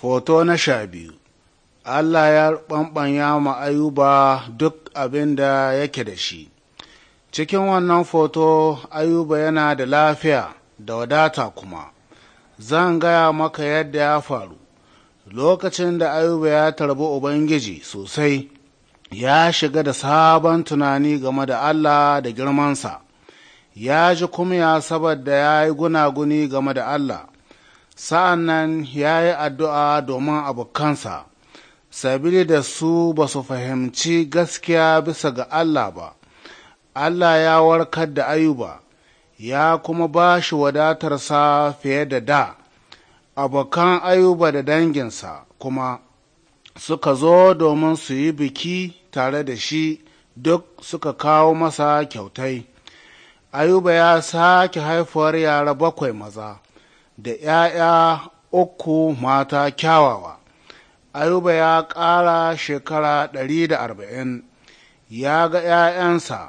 Foto na sha biyu Allah ya ɓanɓanya ma Ayuba duk abin da yake da shi. Cikin wannan foto Ayuba yana da lafiya da wadata kuma, zan gaya maka yadda ya faru. Lokacin da Ayuba ya tarbi Ubangiji sosai, ya shiga da sabon tunani game da Allah da girmansa, ya ji kuma ya saboda ya yi gunaguni game da Allah. sa'an nan ya yi addu'a domin abokansa, sabili da su ba su fahimci gaskiya bisa ga Allah ba, Allah ya warkar da ayuba, ya kuma ba shi wadatarsa fiye da da, abokan ayuba da danginsa kuma suka zo domin su yi biki tare da shi duk suka kawo masa kyautai. Ayuba ya sake haifuwar yara bakwai maza. da ‘ya'ya uku mata kyawawa. Ayuba ya ƙara shekara ɗari da arba'in, ya ga ’ya'yansa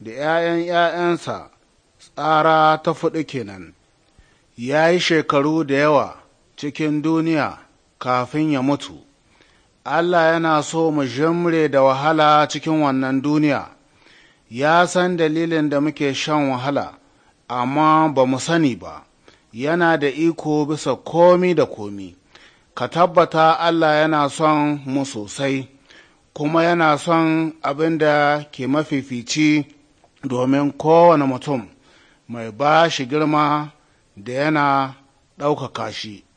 da ’ya'yan ’ya'yansa tsara ta fuɗi kenan, ya yi shekaru da yawa cikin duniya kafin ya mutu. Allah yana so mu jimre da wahala cikin wannan duniya, ya san dalilin da muke shan wahala, amma ba mu sani ba. yana da iko bisa komi da komi ka tabbata Allah yana son mu sosai kuma yana son abin da ke mafifici domin kowane mutum mai ba shi girma da yana ɗaukaka shi